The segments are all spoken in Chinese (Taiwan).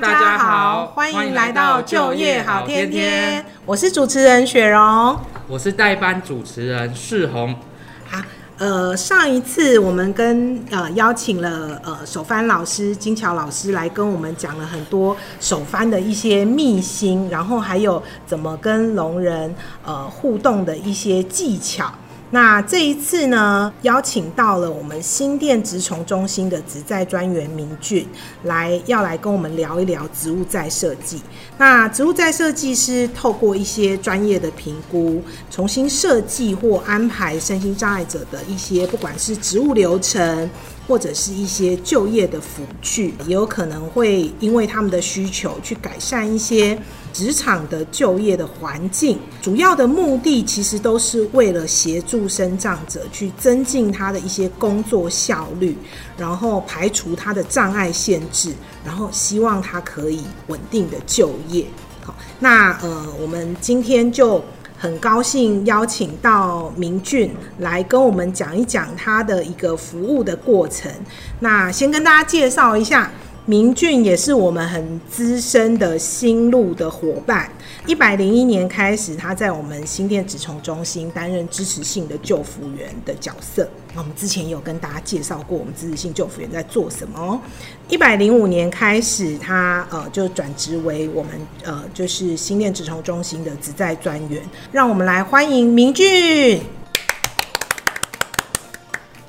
大家好，歡迎來到就業好天天。我是主持人雪蓉，我是代班主持人世宏。好、啊，呃，上一次我們跟呃邀請了呃手翻老師金橋老師來跟我們講了很多手翻的一些秘辛，然後還有怎麼跟聾人呃互動的一些技巧。那這一次呢，邀請到了我們新店職重中心的職再專員明駿，來要來跟我們聊一聊職務再設計。那職務再設計是透過一些專業的評估，重新設計或安排身心障礙者的一些，不管是職務流程，或者是一些就業的輔具，也有可能會因為他們的需求去改善一些，職場的就業的環境，主要的目的其實都是為了協助身障者去增進他的一些工作效率，然後排除他的障礙限制，然後希望他可以穩定的就業。好，那呃，我們今天就很高興邀請到明駿來跟我們講一講他的一個服務的過程。那先跟大家介紹一下。明駿也是我們很資深的心路的伙伴，一百零一年開始，他在我們新店職重中心擔任支持性的就服員的角色。那我們之前有跟大家介紹過，我們支持性就服員在做什麼哦。一百零五年開始他，他呃就轉職為我們呃就是新店職重中心的職再專員。讓我們來歡迎明駿。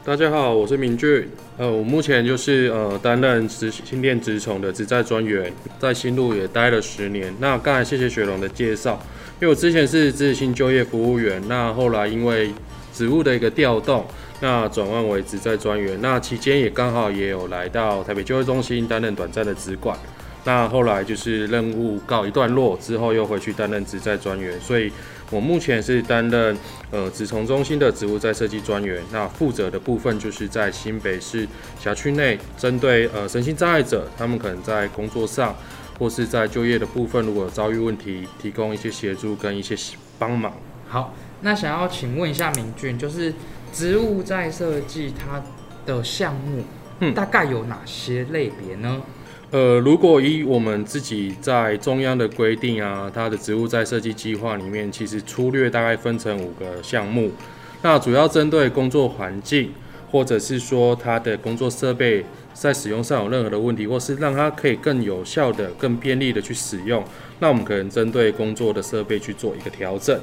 大家好，我是明駿。呃，我目前就是呃擔任執行，新店職重的職再專員，在新路也待了十年。那剛才謝謝雪龍的介紹，因為我之前是職新就業服務員，那後來因為職務的一個調動，那轉換為職再專員。那期間也剛好也有來到台北就業中心擔任短暫的職管，那後來就是任務告一段落之後，又回去擔任職再專員，所以。我目前是擔任呃職重中心的職務再設計專員，那負責的部分就是在新北市轄區內，針對呃身心障礙者，他們可能在工作上或是在就業的部分，如果遭遇問題，提供一些協助跟一些幫忙。好，那想要請問一下明駿，就是職務再設計它的項目，嗯，大概有哪些類別呢？呃，如果以我們自己在中央的規定啊，它的職務再設計計劃裡面，其實粗略，大概分成五個項目。那主要針對工作環境，或者是說它的工作設備在使用上有任何的問題，或是讓它可以更有效的、更便利的去使用，那我們可能針對工作的設備去做一個調整。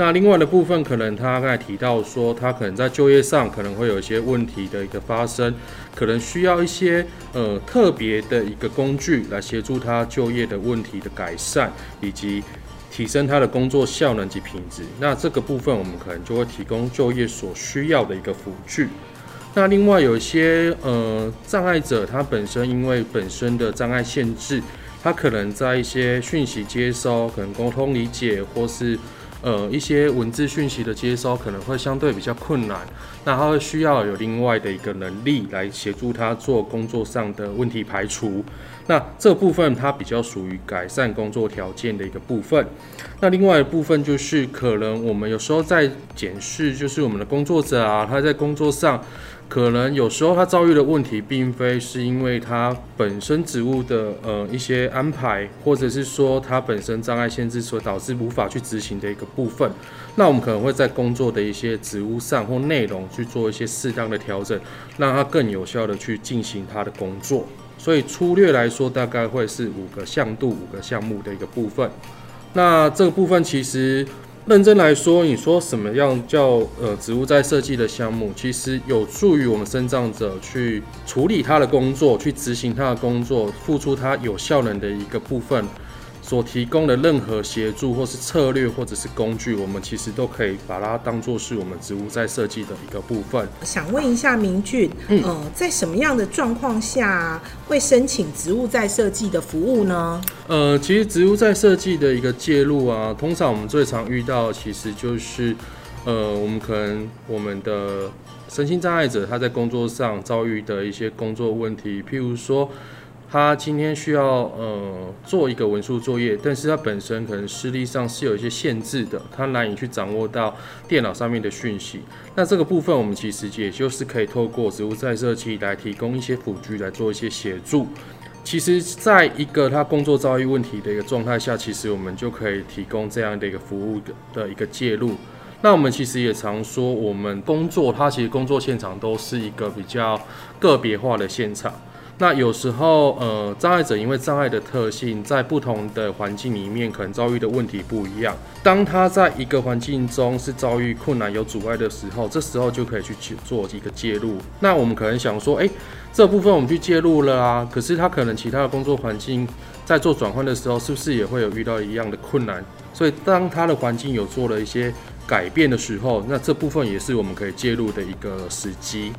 那另外的部分，可能他剛才提到說，他可能在就業上可能會有一些問題的一個發生，可能需要一些呃特別的一個工具來協助他就業的問題的改善以及提升他的工作效能及品質。那這個部分我們可能就會提供就業所需要的一個輔具。那另外有一些呃障礙者，他本身因為本身的障礙限制，他可能在一些訊息接收、可能溝通理解或是。呃，一些文字訊息的接收可能會相對比較困難，那他會需要有另外的一個能力來協助他做工作上的問題排除。那這部分他比較屬於改善工作條件的一個部分。那另外一部分就是可能我們有時候在檢視，就是我們的工作者啊，他在工作上。可能有時候他遭遇的問題，並非是因為他本身職務的呃一些安排，或者是說他本身障礙限制所導致無法去執行的一個部分。那我們可能會在工作的一些職務上或內容去做一些適當的調整，讓他更有效地去進行他的工作。所以粗略來說，大概會是五個向度、五個項目的一個部分。那這個部分其實。認真來說，你說什麼樣叫呃職務再設計的項目，其實有助於我們身障者去處理他的工作，去執行他的工作，付出他有效能的一個部分。所提供的任何協助，或是策略，或者是工具，我們其實都可以把它當做是我們職務再設計的一個部分。想問一下明駿，嗯、呃，在什麼樣的狀況下會申請職務再設計的服務呢？呃，其實職務再設計的一個介入啊，通常我們最常遇到的其實就是，呃，我們可能我們的身心障礙者他在工作上遭遇的一些工作問題，譬如說。他今天需要呃做一個文書作業，但是他本身可能視力上是有一些限制的，他難以去掌握到電腦上面的訊息。那這個部分我們其實也就是可以透過職務再設計來提供一些輔具來做一些協助。其實，在一個他工作遭遇問題的一個狀態下，其實我們就可以提供這樣的一個服務的、的一個介入。那我們其實也常說，我們工作他其實工作現場都是一個比較個別化的現場。那有時候，呃，障礙者因為障礙的特性，在不同的環境裡面可能遭遇的問題不一樣。當他在一個環境中是遭遇困難、有阻礙的時候，這時候就可以去做一個介入。那我們可能想說，誒，這部分我們去介入了啊，可是他可能其他的工作環境在做轉換的時候，是不是也會有遇到一樣的困難？所以，當他的環境有做了一些改變的時候，那這部分也是我們可以介入的一個時機。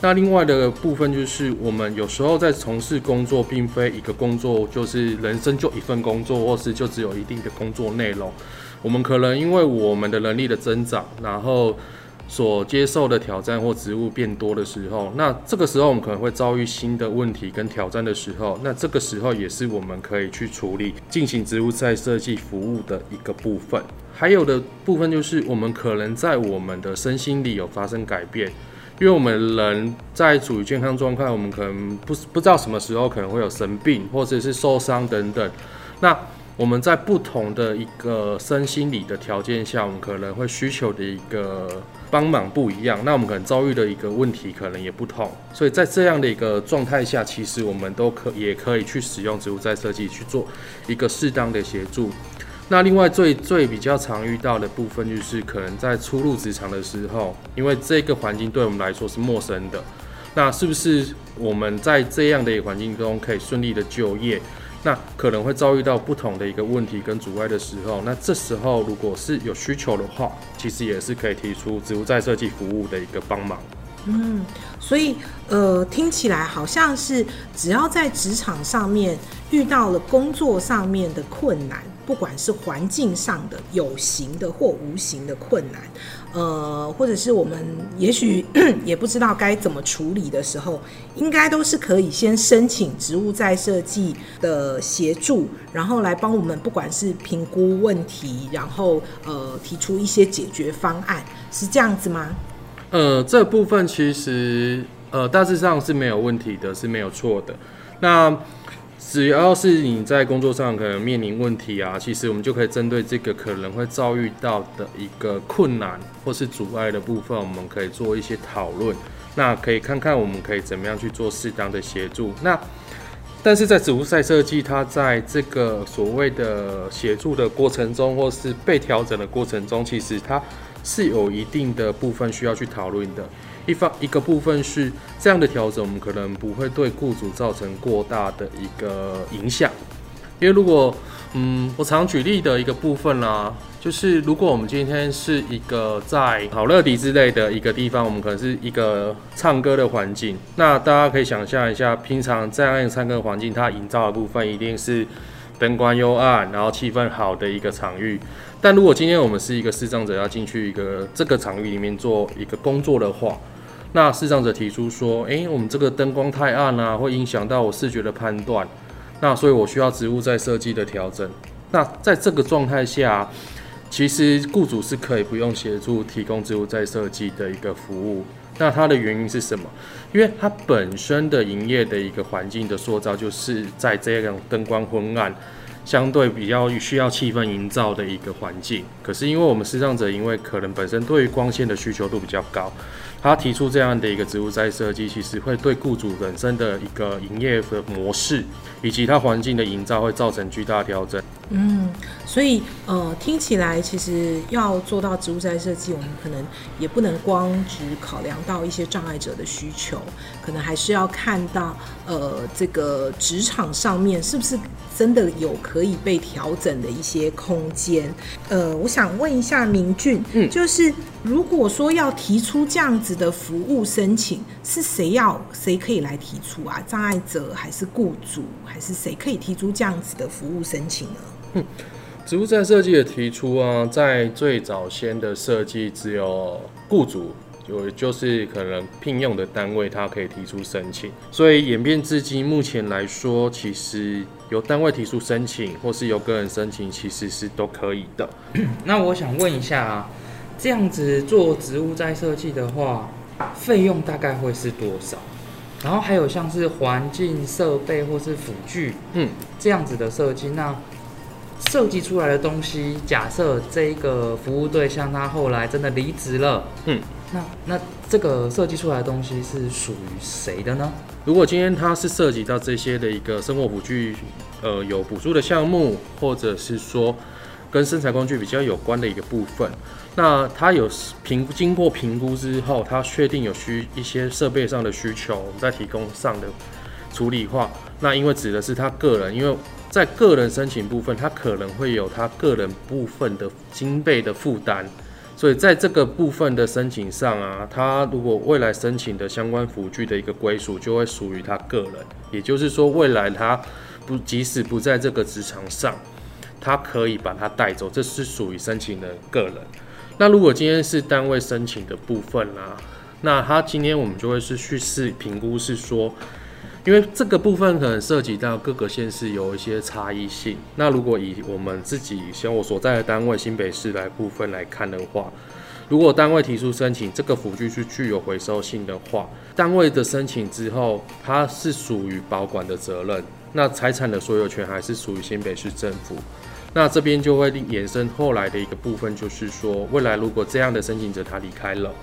那另外的部分就是，我們有時候在從事工作，並非一個工作就是人生就一份工作，或是就只有一定的工作內容。我們可能因為我們的能力的增長，然後所接受的挑戰或職務變多的時候，那這個時候我們可能會遭遇新的問題跟挑戰的時候，那這個時候也是我們可以去處理進行職務再設計服務的一個部分。還有的部分就是，我們可能在我們的身心裡有發生改變。因為我們人在處於健康狀態，我們可能不不知道什麼時候可能會有生病或者是受傷等等。那我們在不同的一個身心理的條件下，我們可能會需求的一個幫忙不一樣。那我們可能遭遇的一個問題可能也不同。所以在這樣的一個狀態下，其實我們都可也可以去使用職務再設計去做一個適當的協助。那另外最最比較常遇到的部分，就是可能在初入職場的時候，因為這個環境對我們來說是陌生的，那是不是我們在這樣的一個環境中可以順利的就業？那可能會遭遇到不同的一個問題跟阻礙的時候，那這時候如果是有需求的話，其實也是可以提出職務再設計服務的一個幫忙。嗯，所以呃，聽起來好像是只要在職場上面遇到了工作上面的困難。不管是環境上的有形的或無形的困難，呃，或者是我們也許也不知道該怎麼處理的時候，應該都是可以先申請職務再設計的協助，然後來幫我們不管是評估問題，然後呃提出一些解決方案，是這樣子嗎？呃，這部分其實呃大致上是沒有問題的，是沒有錯的。那只要是你在工作上可能面臨問題啊，其實我們就可以針對這個可能會遭遇到的一個困難或是阻礙的部分，我們可以做一些討論。那可以看看我們可以怎麼樣去做適當的協助。那但是在職務再設計，它在這個所謂的協助的過程中，或是被調整的過程中，其實它是有一定的部分需要去討論的。一方，一個部分是這樣的調整，我們可能不會對雇主造成過大的一個影響，因為如果嗯，我常舉例的一個部分啦、啊，就是如果我們今天是一個在好樂迪之類的一個地方，我們可能是一個唱歌的環境，那大家可以想象一下，平常這樣一個唱歌環境，它營造的部分一定是燈光幽暗，然後氣氛好的一個場域，但如果今天我們是一個視障者要進去一個這個場域裡面做一個工作的話，那視障者提出說：“誒、欸，我們這個燈光太暗啊，會影響到我視覺的判斷。那所以我需要職務再設計的調整。那在這個狀態下，其實雇主是可以不用協助提供職務再設計的一個服務。那它的原因是什麼？因為它本身的營業的一個環境的塑造，就是在這樣燈光昏暗、相對比較需要氣氛營造的一個環境。可是因為我們視障者，因為可能本身對於光線的需求度比較高。”他提出這樣的一個職務再設計，其實會對雇主本身的一個營業的模式，以及他環境的營造會造成巨大調整。嗯，所以呃，聽起來其實要做到職務再設計，我們可能也不能光只考量到一些障礙者的需求，可能還是要看到呃，這個職場上面是不是真的有可以被調整的一些空間。呃，我想問一下明駿，嗯，就是。如果說要提出這樣子的服務申請，是誰要，誰可以來提出啊？障礙者還是雇主，還是誰可以提出這樣子的服務申請呢？嗯，職務再設計的提出啊，在最早先的設計只有雇主，就是可能聘用的單位，他可以提出申請。所以演變至今，目前來說，其實由單位提出申請，或是由個人申請，其實是都可以的。 那我想問一下啊。這樣子做職務再設計的話，啊、費用大概會是多少？然後還有像是環境設備或是輔具，嗯，這樣子的設計，嗯、那設計出來的東西，假設這一個服務對象他後來真的離職了，嗯，那那這個設計出來的東西是屬於誰的呢？如果今天他是涉及到這些的一個生活輔具，呃，有補助的項目，或者是說。跟生產工具比較有關的一個部分，那他有評經過評估之後，他確定有需一些設備上的需求，我們再提供上的處理話，那因為指的是他個人，因為在個人申請部分，他可能會有他個人部分的經費的負擔，所以在這個部分的申請上啊，他如果未來申請的相關輔具的一個歸屬，就會屬於他個人，也就是說未來他不即使不在這個職場上。他可以把它帶走，這是屬於申請人的個人。那如果今天是單位申請的部分啦、啊，那他今天我們就會是去試評估，是說，因為這個部分可能涉及到各個縣市有一些差異性。那如果以我們自己像我所在的單位新北市來部分來看的話，如果單位提出申請，這個輔具是具有回收性的話，單位的申請之後，它是屬於保管的責任，那財產的所有權還是屬於新北市政府。那這邊就會衍生後來的一個部分，就是說未來如果這樣的申請者他離開了，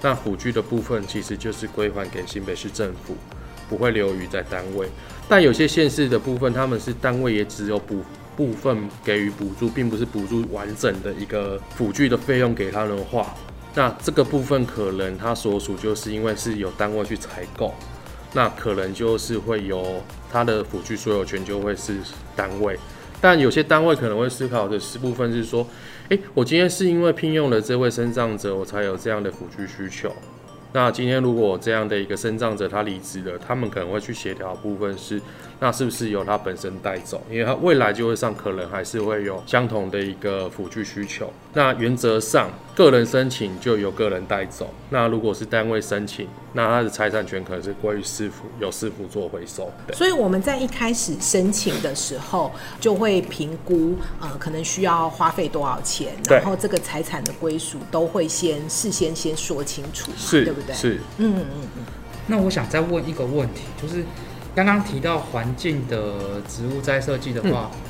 那輔具的部分其實就是歸還給新北市政府，不會留於在單位。但有些縣市的部分，他們是單位也只有補部分給予補助，並不是補助完整的一個輔具的費用給他的話，那這個部分可能他所屬就是因為是有單位去採購，那可能就是會有他的輔具所有權就會是單位。但有些單位可能會思考的是部分是說，誒、欸，我今天是因為聘用了這位身障者，我才有這樣的輔具需求。那今天如果這樣的一個身障者他離職了，他們可能會去協調的部分是，那是不是由他本身帶走？因為他未來就會上，可能還是會有相同的一個輔具需求。那原則上，個人申請就由個人帶走。那如果是單位申請，那他的財產權可能是歸於市府，由市府做回收。對。所以我們在一開始申請的時候，就會評估，呃，可能需要花費多少錢，對然後這個財產的歸屬都會先事先先說清楚嘛，是對不對？是，嗯，嗯嗯嗯。那我想再問一個問題，就是剛剛提到環境的職務再設計的話。嗯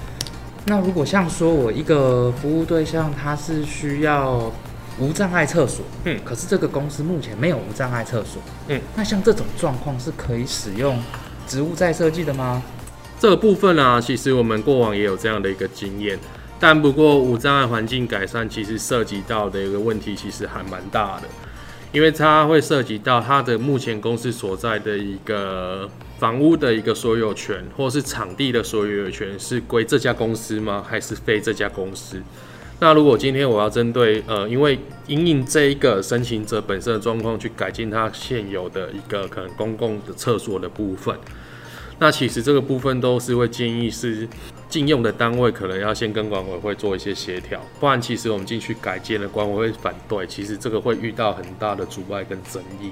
那如果像說我一個服務對象，他是需要無障礙廁所，嗯，可是這個公司目前沒有無障礙廁所，嗯，那像這種狀況是可以使用職務再設計的嗎？這個部分呢、啊，其實我們過往也有這樣的一個經驗，但不過無障礙環境改善其實涉及到的一個問題其實還蠻大的。因為它會涉及到它的目前公司所在的一個房屋的一個所有權，或是場地的所有權是歸這家公司嗎？還是非這家公司？那如果今天我要針對呃，因為因應這一個申請者本身的狀況去改進它現有的一個可能公共的廁所的部分，那其實這個部分都是會建議是。進用的單位可能要先跟管委會做一些協調，不然其實我們進去改建了，管委會反對，其實這個會遇到很大的阻礙跟爭議。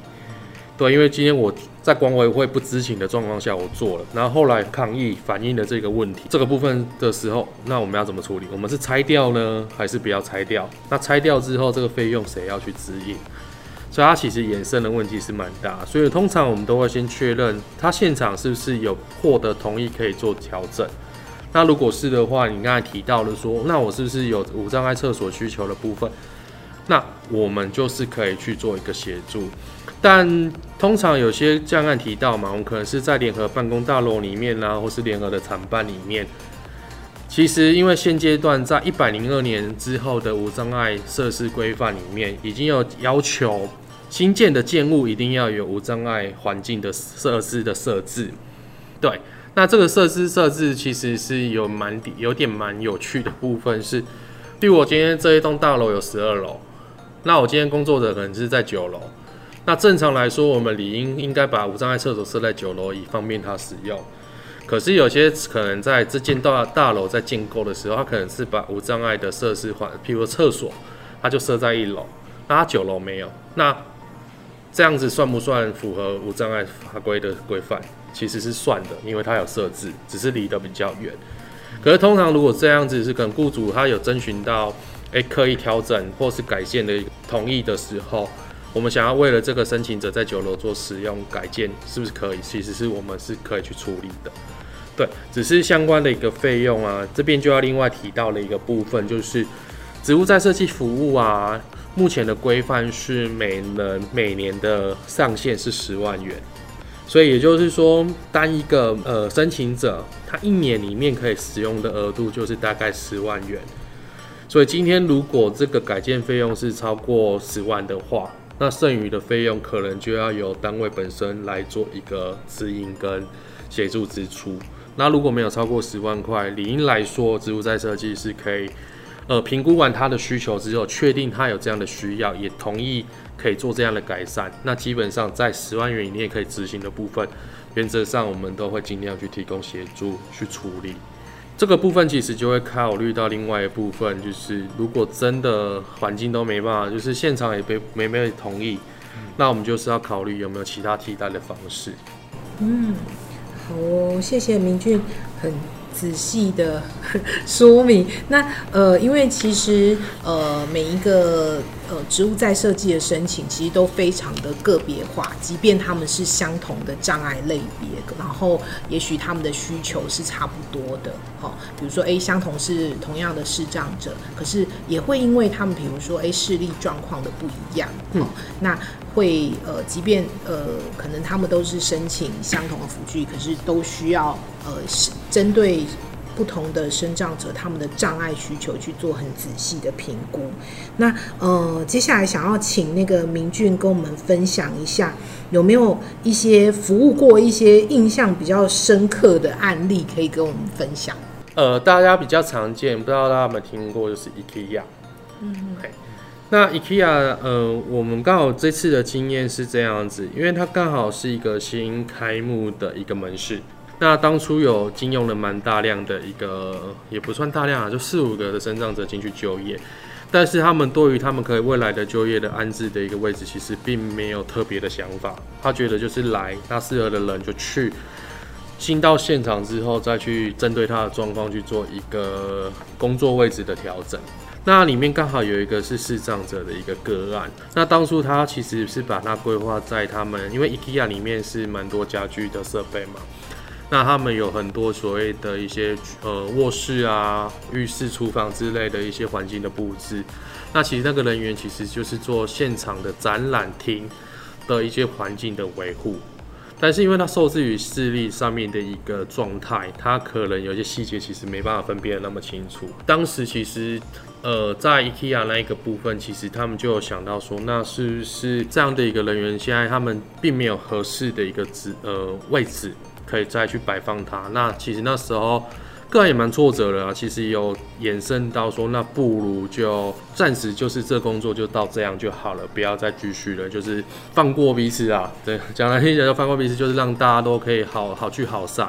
對，因為今天我在管委會不知情的狀況下，我做了，然後後來抗議反映了這個問題，這個部分的時候，那我們要怎麼處理？我們是拆掉呢，還是不要拆掉？那拆掉之後，這個費用誰要去支應？所以它其實衍生的問題是蠻大，所以通常我們都會先確認，它現場是不是有獲得同意可以做調整。那如果是的話，你剛才提到了說，那我是不是有無障礙廁所需求的部分？那我們就是可以去做一個協助。但通常有些教案提到嘛，我們可能是在聯合辦公大樓裡面啦、啊，或是聯合的廠辦裡面。其實，因為現階段在一百零二年之後的無障礙設施規範裡面，已經有要求新建的建物，一定要有無障礙環境的設施的設置。對。那這個設施設置其實是有蠻點有點蠻有趣的部分是，對我今天這一棟大樓有十二樓，那我今天工作者可能是在九樓，那正常來說我們理應應該把無障礙廁所設在九樓以方便他使用，可是有些可能在這間大大樓在建構的時候，他可能是把無障礙的設施，環，譬如說廁所，他就設在一樓，那他九樓沒有，那這樣子算不算符合無障礙法規的規範？其實是算的，因為它有設置，只是離得比較遠。可是通常如果這樣子是跟雇主他有徵詢到，誒，刻意調整或是改建的同意的時候，我們想要為了這個申請者在九樓做使用改建，是不是可以？其實是我們是可以去處理的。對，只是相關的一個費用啊，這邊就要另外提到了一個部分，就是職務再設計服務啊，目前的規範是每人每年的上限是十萬元。所以也就是說，單一個呃申請者，他一年裡面可以使用的額度就是大概十萬元。所以今天如果這個改建費用是超過十萬的話，那剩餘的費用可能就要由單位本身來做一個指引跟協助支出。那如果沒有超過十萬塊，理應來說，職務再設計是可以。呃，評估完他的需求之後，確定他有這樣的需要，也同意可以做這樣的改善，那基本上在十萬元以內可以執行的部分，原則上我們都會盡量去提供協助去處理。這個部分其實就會考慮到另外一部分，就是如果真的環境都沒辦法，就是現場也被沒沒同意，嗯、那我們就是要考慮有沒有其他替代的方式。嗯，好哦，謝謝明駿，很。仔細的說明，那呃，因為其實呃，每一個呃，職務再設計的申請其實都非常的個別化，即便他們是相同的障礙類別，然後也許他們的需求是差不多的，哦，比如說哎、欸，相同是同樣的視障者，可是也會因為他們，比如說哎、欸，視力狀況的不一樣，哦，嗯、那。會呃，即便呃，可能他們都是申請相同的輔具，可是都需要呃，針對不同的身障者，他們的障礙需求去做很仔細的評估。那呃，接下來想要請那個明駿跟我們分享一下，有沒有一些服務過一些印象比較深刻的案例可以跟我們分享？呃，大家比較常見，不知道大家有沒有聽過，就是 IKEA。嗯。Okay. 那 IKEA，呃，我們剛好這次的經驗是這樣子，因為它剛好是一個新開幕的一個門市。那當初有經用了蠻大量的一個，也不算大量啊，就四五個的身障者進去就業，但是他們對於他們可以未來的就業的安置的一個位置，其實並沒有特別的想法。他覺得就是來那適合的人就去進到現場之後，再去針對他的狀況去做一個工作位置的調整。那裡面剛好有一個是視障者的一個個案。那當初他其實是把它規劃在他們，因為 IKEA 裡面是蠻多家具的設備嘛。那他們有很多所謂的一些呃臥室啊、浴室、廚房之類的一些環境的布置。那其實那個人員其實就是做現場的展覽廳的一些環境的維護。但是因為他受制於視力上面的一個狀態，他可能有些細節其實沒辦法分辨得那麼清楚。當時其實。呃，在 IKEA 那一個部分，其實他們就有想到說，那是不是這樣的一個人員，現在他們並沒有合適的一個職呃位置可以再去擺放他。那其實那時候個案也蠻挫折的啊。其實有延伸到說，那不如就暫時就是這工作就到這樣就好了，不要再繼續了，就是放過彼此啊。對，講難聽一點就放過彼此，就是讓大家都可以好好聚好散。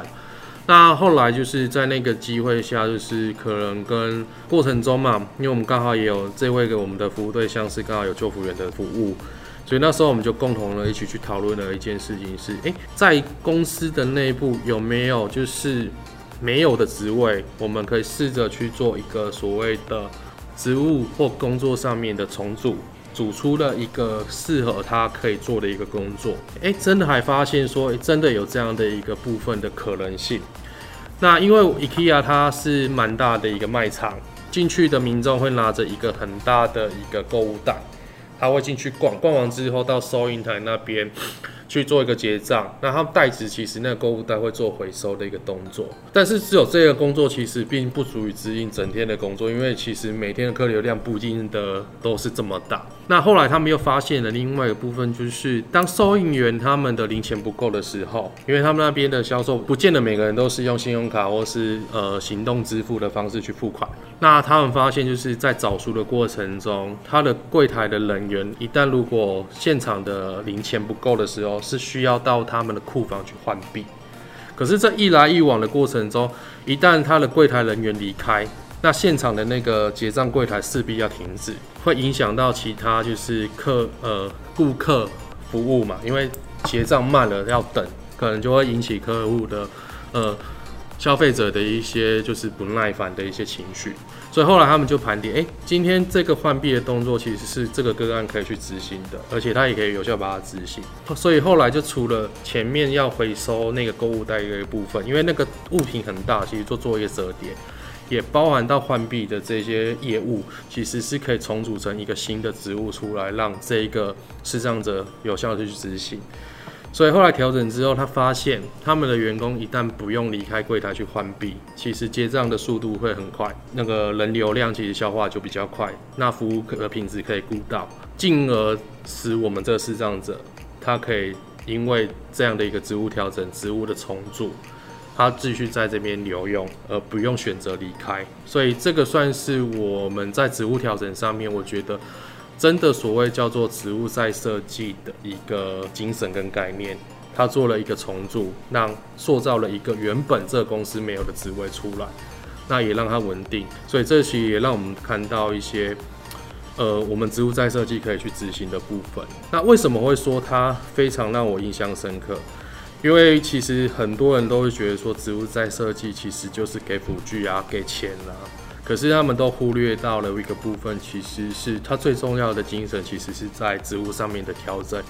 那後來就是在那個機會下，就是可能跟過程中嘛，因為我們剛好也有這位給我們的服務對象是剛好有就服員的服務，所以那時候我們就共同的一起去討論了一件事情是，是誒，在公司的內部有沒有就是沒有的職位，我們可以試着去做一個所謂的職務或工作上面的重組。組出了一個適合他可以做的一個工作，哎、欸，真的還發現說，真的有這樣的一個部分的可能性。那因為 IKEA 它是蠻大的一個賣場，進去的民眾會拿着一個很大的一個購物袋，他會進去逛，逛完之後到收銀台那邊。去做一個結賬，那他們袋子其實那個購物袋會做回收的一個動作，但是只有這個工作其實並不足以支應整天的工作，因為其實每天的客流量不見得都是這麼大。那後來他們又發現了另外一個部分，就是當收銀員他們的零錢不夠的時候，因為他們那邊的銷售不見得每個人都是用信用卡或是呃行動支付的方式去付款，那他們發現就是在找書的過程中，他的櫃檯的人員一旦如果現場的零錢不夠的時候，是需要到他們的庫房去換幣，可是這一來一往的過程中，一旦他的櫃台人員離開，那現場的那個結賬櫃台勢必要停止，會影響到其他就是客呃顧客服務嘛，因為結賬慢了要等，可能就會引起客戶的呃消費者的一些就是不耐煩的一些情緒。所以後來他們就盤點，誒，今天這個換幣的動作其實是這個個案可以去執行的，而且他也可以有效把它執行。所以後來就除了前面要回收那個購物袋一個部分，因為那個物品很大，其實做作業折疊也包含到換幣的這些業務，其實是可以重組成一個新的職務出來，讓這一個視障者有效的去執行。所以後來調整之後，他發現他們的員工一旦不用離開櫃檯去換幣，其實結賬的速度會很快，那個人流量其實消化就比較快，那服務的品質可以顧到，進而使我們這個視障者，他可以因為這樣的一個職務調整、職務的重組，他繼續在這邊留用，而不用選擇離開。所以這個算是我們在職務調整上面，我覺得。真的所謂叫做職務再設計的一個精神跟概念，他做了一個重組，讓塑造了一個原本這個公司沒有的職位出來，那也讓它穩定。所以這其實也讓我們看到一些，呃，我們職務再設計可以去執行的部分。那為什麼會說它非常讓我印象深刻？因為其實很多人都會覺得說職務再設計其實就是給輔具啊，給錢啊。可是他們都忽略到了一個部分，其實是他最重要的精神，其實是在職務上面的調整，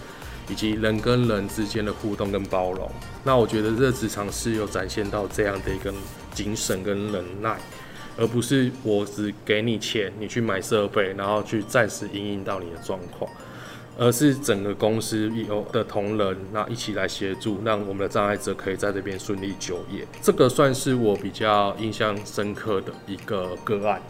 以及人跟人之間的互動跟包容。那我覺得這職場是有展現到這樣的一個精神跟忍耐，而不是我只給你錢，你去買設備，然後去暫時應應到你的狀況。而是整個公司有的同仁，那一起來協助，讓我們的障礙者可以在這邊順利就業。這個算是我比較印象深刻的一個個案。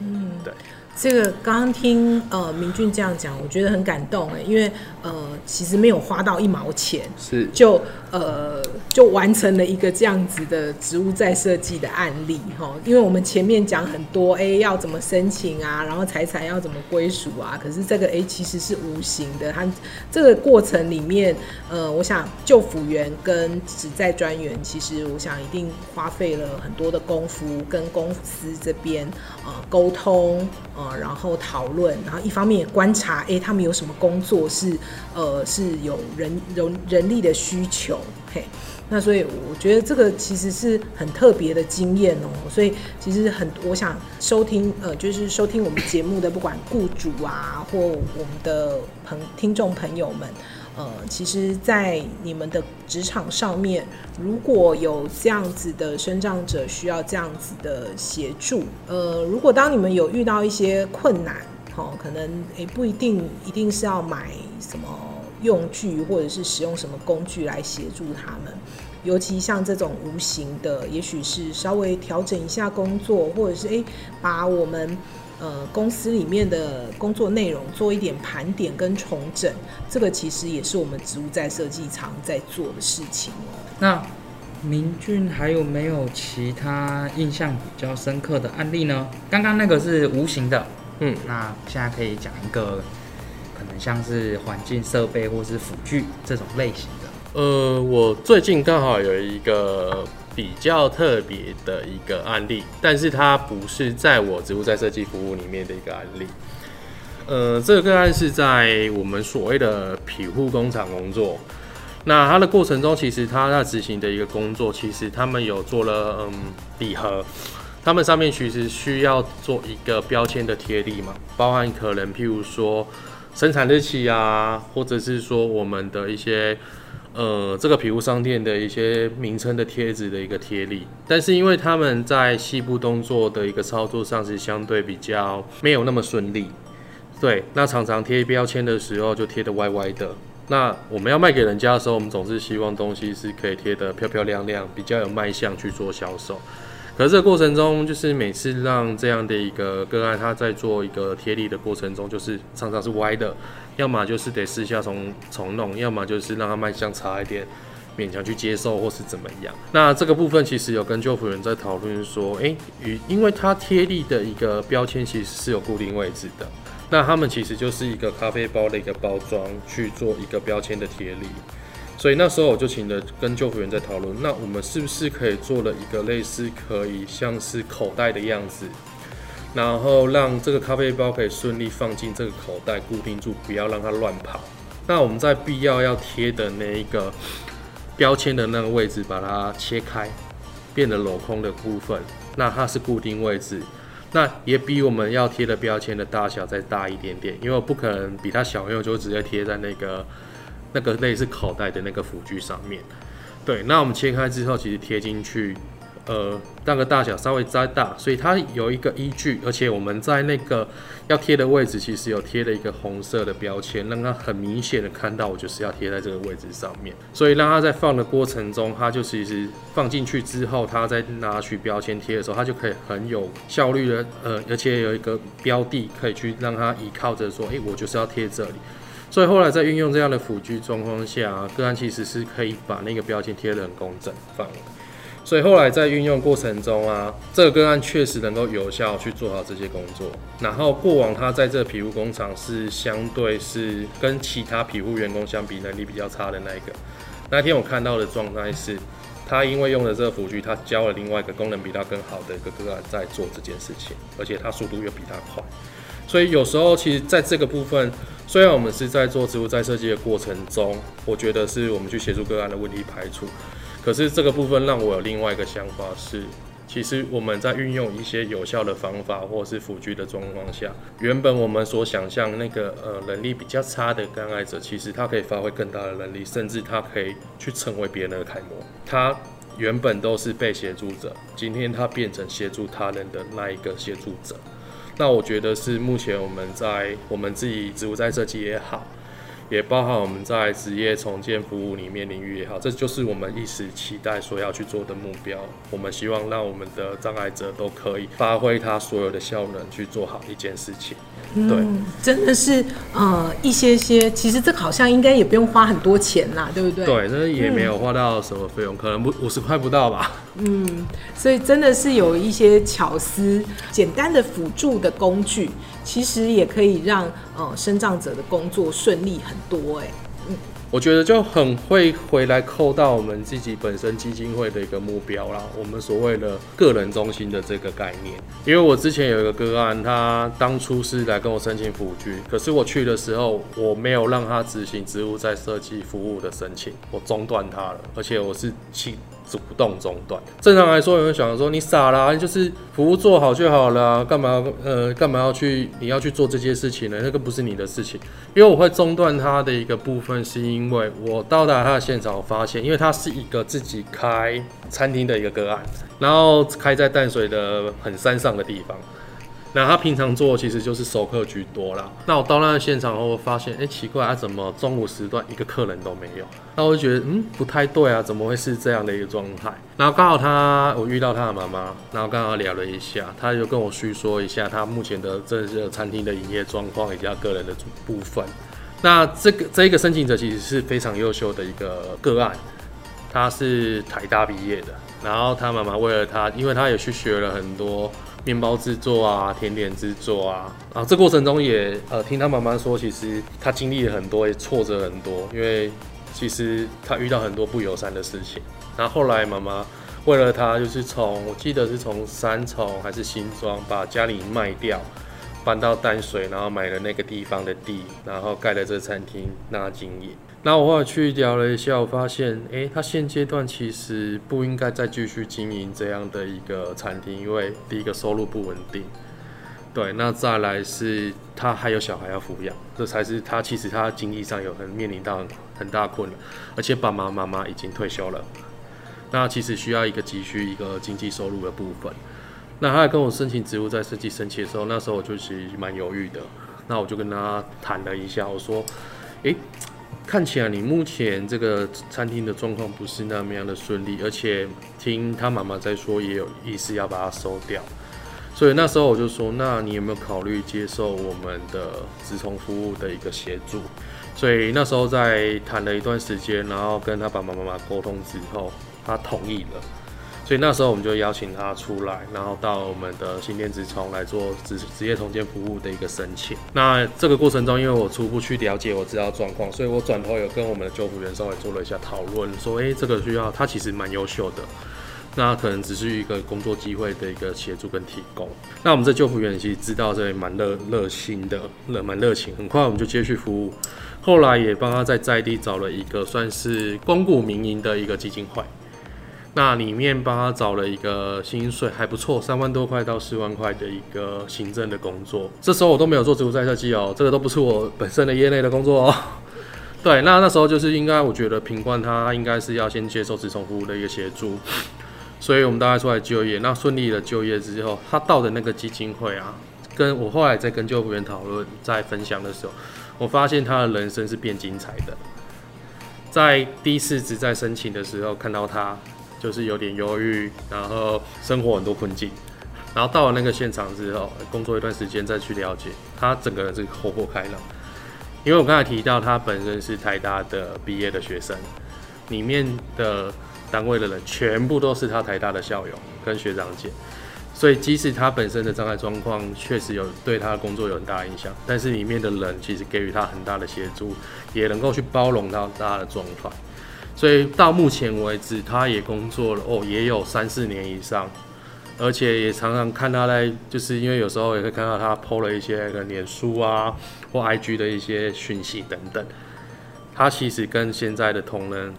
嗯，對。這個剛剛聽呃明駿這樣講，我覺得很感動哎，因為呃其實沒有花到一毛錢，是就呃就完成了一個這樣子的職務再設計的案例哈、哦，因為我們前面講很多，哎要怎麼申請啊，然後財產要怎麼歸屬啊，可是這個哎其實是無形的，他這個過程裡面呃我想就服員跟職再專員，其實我想一定花費了很多的功夫跟公司這邊呃溝通呃然後討論，然後一方面也觀察，誒，他們有什麼工作是，呃，是有人人人力的需求，嘿，那所以我覺得這個其實是很特別的經驗哦，所以其實很，我想收聽，呃，就是收聽我們節目的不管雇主啊，或我們的朋聽眾朋友們。呃，其實，在你們的職場上面，如果有這樣子的身障者需要這樣子的協助，呃，如果當你們有遇到一些困難，哦，可能誒不一定一定是要買什麼用具或者是使用什麼工具來協助他們，尤其像這種無形的，也許是稍微調整一下工作，或者是誒把我們。呃，公司裡面的工作內容做一點盤點跟重整，這個其實也是我們職務再設計常在做的事情。那明駿還有沒有其他印象比較深刻的案例呢？剛剛那個是無形的，嗯，那現在可以講一個可能像是環境設備或是輔具這種類型的。呃，我最近剛好有一個。比較特別的一個案例，但是它不是在我職務再設計服務裡面的一個案例。呃，這個個案是在我們所謂的庇護工廠工作。那它的過程中，其實他在執行的一個工作，其實他們有做了嗯禮盒，他們上面其實需要做一個標籤的貼地嘛，包含可能譬如說生產日期啊，或者是說我們的一些。呃，這個皮具商店的一些名稱的貼紙的一個貼力，但是因為他們在細部動作的一個操作上是相對比較沒有那麼順利，對，那常常貼標籤的時候就貼得歪歪的。那我們要賣給人家的時候，我們總是希望東西是可以貼得漂漂亮亮，比較有賣相去做銷售。可是這個過程中，就是每次讓這樣的一個個案，他在做一個貼力的過程中，就是常常是歪的，要麼就是得私下從從弄，要麼就是讓他賣相差一點，勉強去接受或是怎麼樣。那這個部分其實有跟就服員在討論說，誒、欸，與因為它貼力的一個標籤其實是有固定位置的，那他們其實就是一個咖啡包的一個包裝去做一個標籤的貼力。所以那時候我就請了跟救護員在討論，那我們是不是可以做了一個類似可以像是口袋的樣子，然後讓這個咖啡包可以順利放進這個口袋，固定住，不要讓它亂跑。那我們在必要要貼的那一個標籤的那個位置，把它切開，變得鏤空的部分，那它是固定位置，那也比我們要貼的標籤的大小再大一點點，因為我不可能比它小朋友就直接貼在那個。那個類似口袋的那個輔具上面，對，那我們切開之後，其實貼進去，呃，那個大小稍微再大，所以它有一個依據，而且我們在那個要貼的位置，其實有貼了一個紅色的標籤，讓它很明顯的看到，我就是要貼在這個位置上面，所以讓它在放的過程中，它就其實放進去之後，它再拿取標籤貼的時候，它就可以很有效率的，呃，而且有一個標的可以去讓它依靠着說，哎、欸，我就是要貼這裡。所以後來在運用這樣的輔具狀況下、啊，個案其實是可以把那個標籤貼得很工整放了。所以後來在運用過程中啊，這個個案確實能夠有效去做好這些工作。然後過往他在這個庇護工廠是相對是跟其他庇護員工相比能力比較差的那一個。那天我看到的狀態是，他因為用了這個輔具，他教了另外一個功能比他更好的一個個案在做這件事情，而且他速度又比他快。所以有時候其實在這個部分。雖然我們是在做職務再設計的過程中，我覺得是我們去協助個案的問題排除，可是這個部分讓我有另外一個想法是，其實我們在運用一些有效的方法或是輔具的狀況下，原本我們所想象那個呃能力比較差的障礙者，其實他可以發揮更大的能力，甚至他可以去成為別人的楷模。他原本都是被協助者，今天他變成協助他人的那一個協助者。那我覺得是目前我們在我們自己職務再設計也好，也包含我們在職業重建服務裡面領域也好，這就是我們一時期待所要去做的目標。我們希望讓我們的障礙者都可以發揮他所有的效能，去做好一件事情。嗯、對，真的是呃一些些，其實這個好像應該也不用花很多錢吶，對不對？對，那也沒有花到什麼費用，嗯、可能不五十塊不到吧。嗯，所以真的是有一些巧思，簡單的輔助的工具，其實也可以讓呃身障者的工作順利很多哎。我覺得就很會回來扣到我們自己本身基金會的一個目標啦，我們所謂的個人中心的這個概念。因為我之前有一個個案，他當初是來跟我申請輔具，可是我去的時候，我沒有讓他執行職務再設計服務的申請，我中斷他了，而且我是請。主動中斷。正常來說，有人想說，你傻啦，就是服務做好就好了啊，幹嘛呃、幹嘛要去你要去做這些事情呢？那個不是你的事情。因為我會中斷它的一個部分，是因為我到達它的現場，我發現，因為它是一個自己開餐廳的一個個案，然後開在淡水的很山上的地方。那他平常做的其實就是熟客居多啦。那我到那個現場後，我發現，哎、欸，奇怪，他、啊、怎麼中午時段一個客人都沒有？那我就覺得，嗯，不太對啊，怎麼會是這樣的一個狀態？然後剛好他，我遇到他的媽媽，然後剛好聊了一下，他就跟我敘說一下他目前的這個餐廳的營業狀況以及他個人的部部分。那這個這一個申請者其實是非常優秀的一個個案，他是台大畢業的，然後他媽媽為了他，因為他也去學了很多。麵包製作啊，甜點製作啊，啊，這過程中也呃，聽他媽媽說，其實他經歷了很多，也挫折了很多，因為其實他遇到很多不友善的事情。然後後來媽媽為了他，就是從我記得是從三重還是新莊把家裡賣掉。搬到淡水，然後買了那個地方的地，然後蓋了這個餐廳，那經營。那我後來去聊了一下，我發現，誒，他現階段其實不應該再繼續經營這樣的一個餐廳，因為第一個收入不穩定，對，那再來是他還有小孩要撫養，這才是他其實他經濟上有很面臨到很大困難，而且爸爸媽，媽媽已經退休了，那其實需要一個急需一個經濟收入的部分。那他跟我申請職務再設計申請的時候，那時候我就是蠻猶豫的。那我就跟他談了一下，我說：“誒、欸，看起來你目前這個餐廳的狀況不是那麼樣的順利，而且聽他媽媽在說也有意思要把它收掉。”所以那時候我就說：“那你有沒有考慮接受我們的職重服務的一個協助？”所以那時候在談了一段時間，然後跟他爸爸媽媽溝通之後，他同意了。所以那時候我們就邀請他出來，然後到我們的新電子廠來做職職業重建服務的一個申請。那這個過程中，因為我初步去了解我知道狀況，所以我轉頭有跟我們的就服員稍微做了一下討論，說，誒、欸，這個需要他其實蠻優秀的，那可能只是一個工作機會的一個協助跟提供。那我們這就服員其實知道這裡蠻熱熱心的，熱蠻熱情，很快我們就接續服務，後來也幫他，在在地找了一個算是公設民營的一個基金會。那裡面幫他找了一個薪水還不錯，三萬多塊到四萬塊的一個行政的工作。這時候我都沒有做職務再設計哦，這個都不是我本身的業內的工作哦。 對，那那時候就是應該，我覺得品冠他應該是要先接受職重服務的一個協助， 所以我們大概出來就業。那順利的就業之後，他到的那個基金會啊，跟我後來在跟就業員討論、在分享的時候，我發現他的人生是變精彩的。在第四次職再申請的時候，看到他。就是有點憂鬱，然後生活很多困境，然後到了那個現場之後，工作一段時間再去了解，他整個人是活潑開朗。因為我剛才提到他本身是台大的畢業的學生，裡面的單位的人全部都是他台大的校友跟學長姐，所以即使他本身的障礙狀況確實有對他的工作有很大影響，但是裡面的人其實給予他很大的協助，也能夠去包容到他的狀況。所以到目前為止，他也工作了哦，也有三四年以上，而且也常常看他在，就是因為有時候也會看到他 PO 了一些個臉書啊或 IG 的一些訊息等等。他其實跟現在的同仁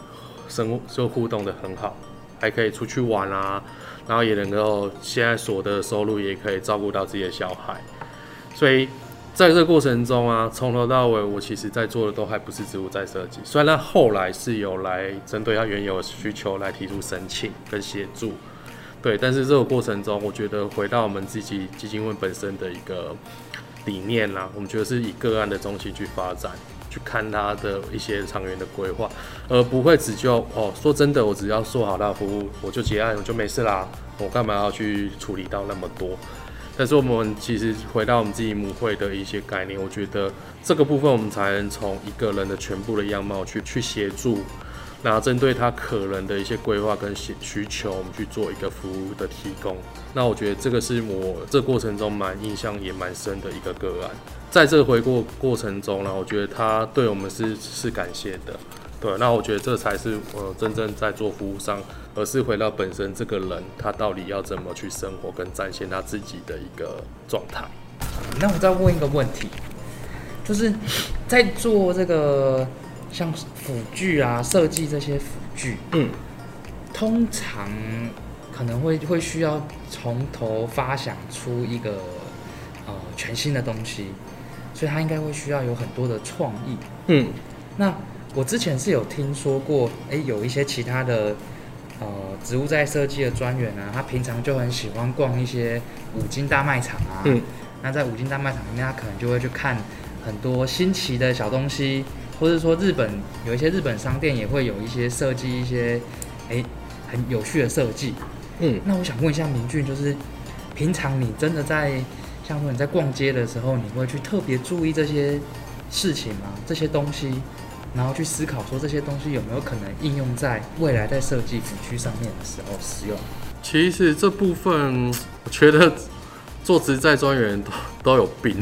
生就互動得很好，還可以出去玩啊，然後也能夠現在所得的收入也可以照顧到自己的小孩，所以。在這個過程中啊，從頭到尾，我其實在做的都還不是職務再設計。雖然他後來是有來針對他原有的需求來提出申請跟協助，對。但是這個過程中，我覺得回到我們自己基金會本身的一個理念啦、啊，我們覺得是以個案的中心去發展，去看他的一些長遠的規劃，而不會只就哦，說真的，我只要做好他的服務，我就結案，我就沒事啦。我幹嘛要去處理到那麼多？但是我們其實回到我們自己母會的一些概念，我覺得這個部分我們才能從一個人的全部的樣貌去去協助，然後針對他可能的一些規劃跟需求，我們去做一個服務的提供。那我覺得這個是我這過程中蠻印象也蠻深的一個個案，在這回過過程中呢，我覺得他對我們是是感謝的。對，那我覺得這才是我、呃、真正在做服務商，而是回到本身這個人，他到底要怎麼去生活跟展現他自己的一個狀態。那我再問一個問題，就是在做這個像輔具啊設計這些輔具，嗯，通常可能會會需要從頭發想出一個呃全新的東西，所以他應該會需要有很多的創意，嗯，那。我之前是有聽說過，誒、欸，有一些其他的呃職務再設計的專員呢、啊。他平常就很喜歡逛一些五金大賣場啊。嗯。那在五金大賣場裡面，他可能就會去看很多新奇的小東西，或者說日本有一些日本商店也會有一些設計一些誒、欸、很有趣的設計。嗯。那我想問一下明駿，就是平常你真的在，像說你在逛街的時候，你會去特別注意這些事情嗎？這些東西？然後去思考說，這些東西有沒有可能應用在未來在設計輔具上面的時候使用。其實這部分我覺得做職再專員都都有病，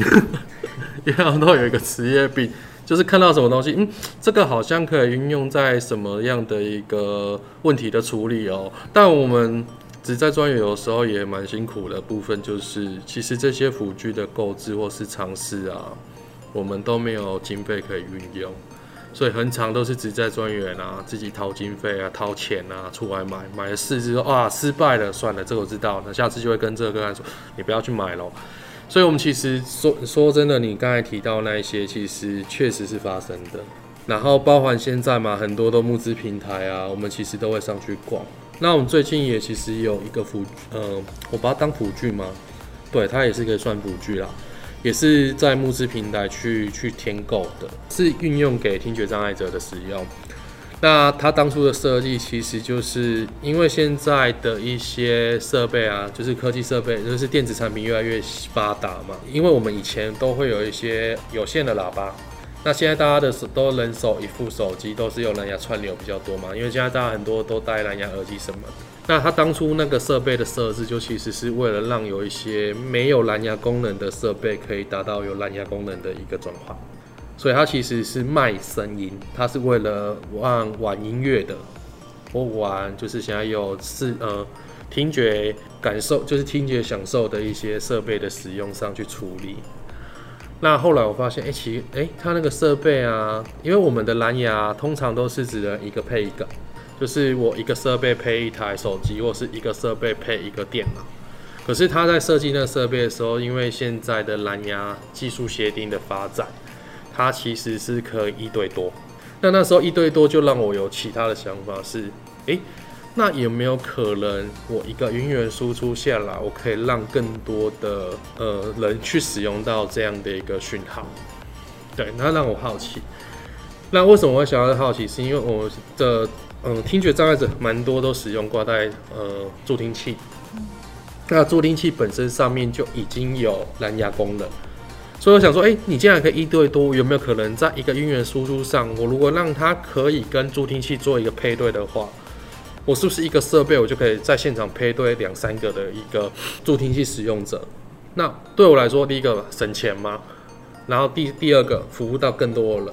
一樣都有一個職業病，就是看到什麼東西，嗯，這個好像可以運用在什麼樣的一個問題的處理哦。但我們職再專員有時候也蠻辛苦的部分，就是其實這些輔具的購置或是嘗試啊，我們都沒有經費可以運用。所以很常都是職再專員啊，自己掏經費啊，掏錢啊，出來買，買了四只，啊，失敗了，算了，這個、我知道了，那下次就會跟這個跟他說，你不要去買咯。所以，我們其實說說真的，你剛才提到那一些，其實確實是發生的。然後，包含現在嘛，很多的募資平台啊，我們其實都會上去逛。那我們最近也其實有一個輔，呃，我把它當輔具嘛，對，它也是可以算輔具啦。也是在募資平台去去添購的，是運用給聽覺障礙者的使用。那它當初的設計，其實就是因為現在的一些設備啊，就是科技設備，就是電子產品越來越發達嘛。因為我們以前都會有一些有線的喇叭，那現在大家的都人手一副手機，都是用藍牙串流比較多嘛。因為現在大家很多都戴藍牙耳機什麼的。那它當初那個設備的設置，就其實是為了讓有一些沒有藍牙功能的設備，可以達到有藍牙功能的一個轉化。所以它其實是賣聲音，它是為了玩玩音樂的，我玩就是想要有是呃聽覺感受，就是聽覺享受的一些設備的使用上去處理。那後來我發現，誒、欸，其實他、欸、它那個設備啊，因為我們的藍牙通常都是只能一個配一個。就是我一個設備配一台手機，或是一個設備配一個電腦。可是他在設計那個設備的時候，因為現在的藍牙技術協定的發展，它其實是可以一對多。那那時候一對多就讓我有其他的想法是，是、欸、誒，那有沒有可能我一個音源輸出線了，我可以讓更多的呃人去使用到這樣的一個訊號？對，那讓我好奇。那為什麼我會想要好奇？是因為我的。嗯，聽覺障礙者蠻多都使用掛帶呃助聽器，那助聽器本身上面就已經有藍牙功能，所以我想說，哎、欸，你這樣可以一對多，有沒有可能在一個音源輸出上，我如果讓他可以跟助聽器做一個配對的話，我是不是一個設備，我就可以在現場配對兩三個的一個助聽器使用者？那對我來說，第一個省錢嘛，然後第第二個服務到更多人。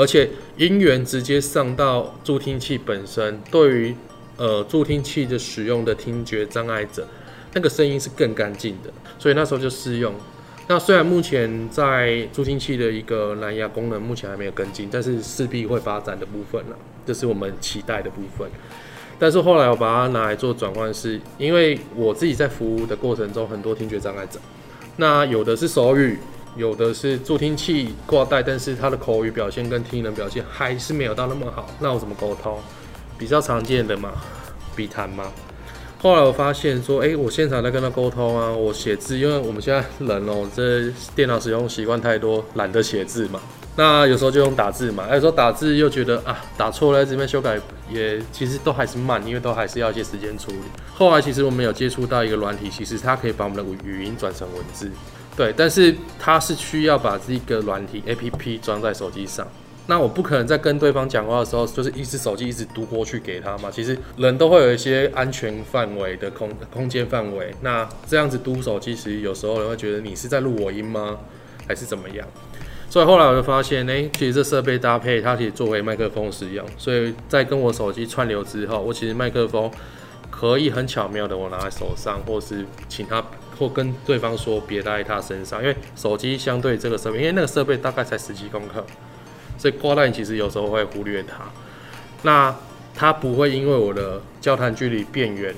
而且音源直接上到助聽器本身，對於呃助聽器的使用的聽覺障礙者，那個聲音是更乾淨的。所以那時候就試用。那雖然目前在助聽器的一個藍牙功能目前還沒有跟進，但是勢必會發展的部分了，這是我們期待的部分。但是後來我把它拿來做轉換，是因為我自己在服務的過程中，很多聽覺障礙者，那有的是手語。有的是助聽器掛帶，但是他的口語表現跟聽能表現還是沒有到那麼好。那我怎麼溝通？比較常見的嘛，筆談嘛。後來我發現說，哎、欸，我現場在跟他溝通啊，我寫字，因為我們現在人哦、喔，這個、電腦使用習慣太多，懶得寫字嘛。那有時候就用打字嘛，有時候打字又覺得啊，打錯了，在這邊修改也其實都還是慢，因為都還是要一些時間處理。後來其實我們有接觸到一個軟體，其實它可以把我們的語音轉成文字。對，但是它是需要把這個軟體 APP 裝在手機上，那我不可能在跟對方講話的時候，就是一直手機一直讀過去給他嘛。其實人都會有一些安全範圍的空空間範圍，那這樣子讀手機時，有時候人會覺得你是在錄我音嗎，還是怎麼樣？所以後來我就發現，哎，其實這設備搭配它可以作為麥克風使用，所以在跟我手機串流之後，我其實麥克風可以很巧妙的我拿在手上，或是請他。或跟對方說別帶他身上，因為手機相對這個設備，因為那個設備大概才十幾公克，所以掛帶其實有時候會忽略它。那它不會因為我的交談距離變遠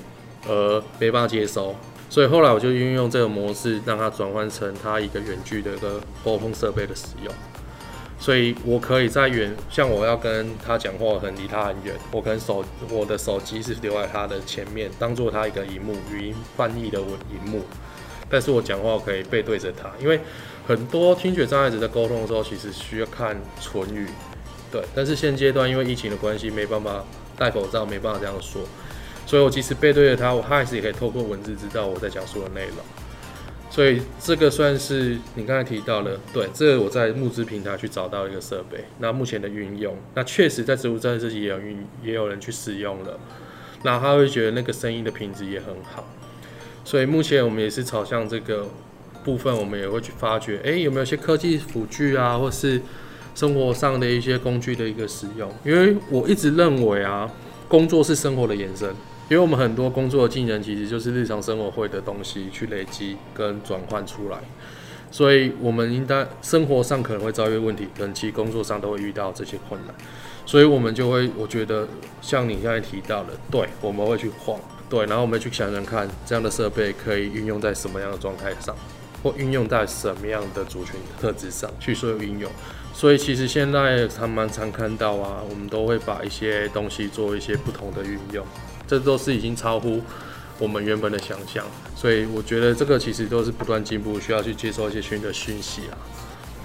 而沒辦法接收，所以後來我就運用這個模式，讓它轉換成它一個遠距的一個溝通設備的使用。所以，我可以在遠，像我要跟他講話，可能離他很遠，我可能手，我的手機是留在他的前面，當做他一個熒幕，語音翻譯的文熒幕。但是我講話可以背對着他，因為很多聽覺障礙者在溝通的時候，其實需要看唇語。對，但是現階段因為疫情的關係，沒辦法戴口罩，沒辦法這樣說，所以我其實背對着他，我他還是也可以透過文字知道我在講述的內容。所以這個算是你剛才提到了，對，這個我在募資平台去找到一個設備，那目前的運用，那確實在植物站這裡也有也有人去使用了，那他會覺得那個聲音的品質也很好，所以目前我們也是朝向這個部分，我們也會去發掘，哎，有沒有一些科技輔具啊，或是生活上的一些工具的一個使用，因為我一直認為啊，工作是生活的延伸。因為我們很多工作的技能，其實就是日常生活會的東西去累積跟轉換出來，所以我們應該生活上可能會遭遇問題，可能其工作上都會遇到這些困難，所以我們就會，我覺得像你現在提到的，對，我們會去晃，對，然後我們去想想看，這樣的設備可以運用在什麼樣的狀態上，或運用在什麼樣的族群的特質上去所有應用，所以其實現在還蠻常看到啊，我們都會把一些東西做一些不同的運用。這都是已經超乎我們原本的想象所以我覺得這個其實都是不斷進步，需要去接受一些新的訊息啊。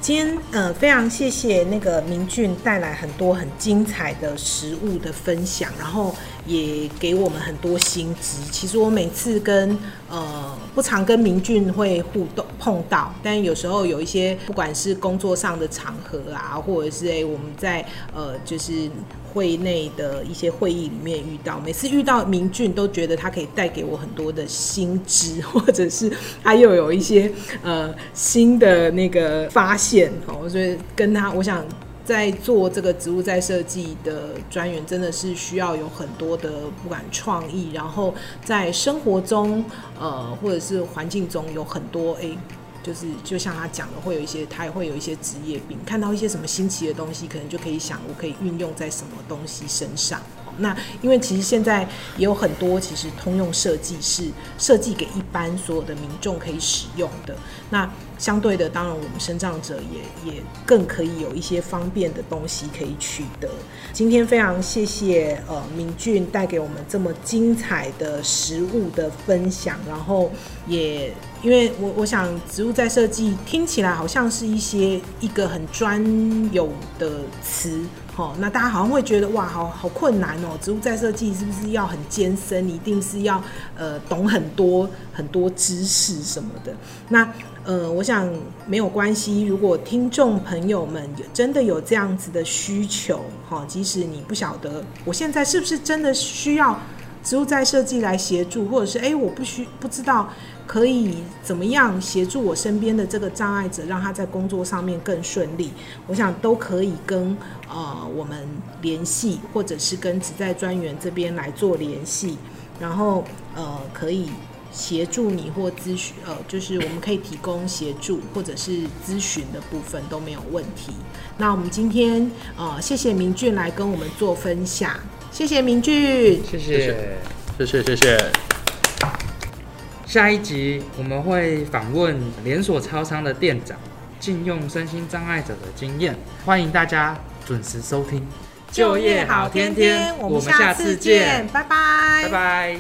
今天，呃，非常謝謝那個明駿帶來很多很精彩的服務的分享，然後。也給我們很多新知。其實我每次跟呃不常跟明駿會互動碰到，但有時候有一些不管是工作上的場合啊，或者是、欸、我們在呃就是會內的一些會議裡面遇到，每次遇到明駿都覺得他可以帶給我很多的新知，或者是他又有一些呃新的那個發現、哦、所以跟他我想。在做這個職務再設計的專員，真的是需要有很多的不管創意，然後在生活中，呃，或者是環境中有很多，誒，就是就像他講的，會有一些，他也會有一些職業病，看到一些什麼新奇的東西，可能就可以想我可以運用在什麼東西身上。那因為其實現在也有很多，其實通用設計是設計給一般所有的民眾可以使用的。那相對的，當然我們身障者也也更可以有一些方便的東西可以取得。今天非常謝謝呃、明駿帶給我們這麼精彩的職務的分享，然後也因為我我想職務再設計聽起來好像是一些一個很專有的詞。哦，那大家好像會覺得哇，好好困難哦。職務再設計是不是要很艱深？一定是要呃懂很多很多知識什麼的。那呃，我想沒有關係。如果聽眾朋友們真的有這樣子的需求，好、哦，即使你不曉得我現在是不是真的需要職務再設計來協助，或者是哎，我不需不知道。可以怎麼樣協助我身邊的這個障礙者，讓他在工作上面更順利？我想都可以跟呃我們聯繫，或者是跟職再專員這邊來做聯繫，然後呃可以協助你或諮詢呃就是我們可以提供協助或者是諮詢的部分都沒有問題。那我們今天呃謝謝明駿來跟我們做分享，謝謝明駿，謝謝謝謝謝謝。下一集我們會訪問連鎖超商的店長，進用身心障礙者的經驗，歡迎大家準時收聽。就業好天天，我們下次見，拜拜，拜拜。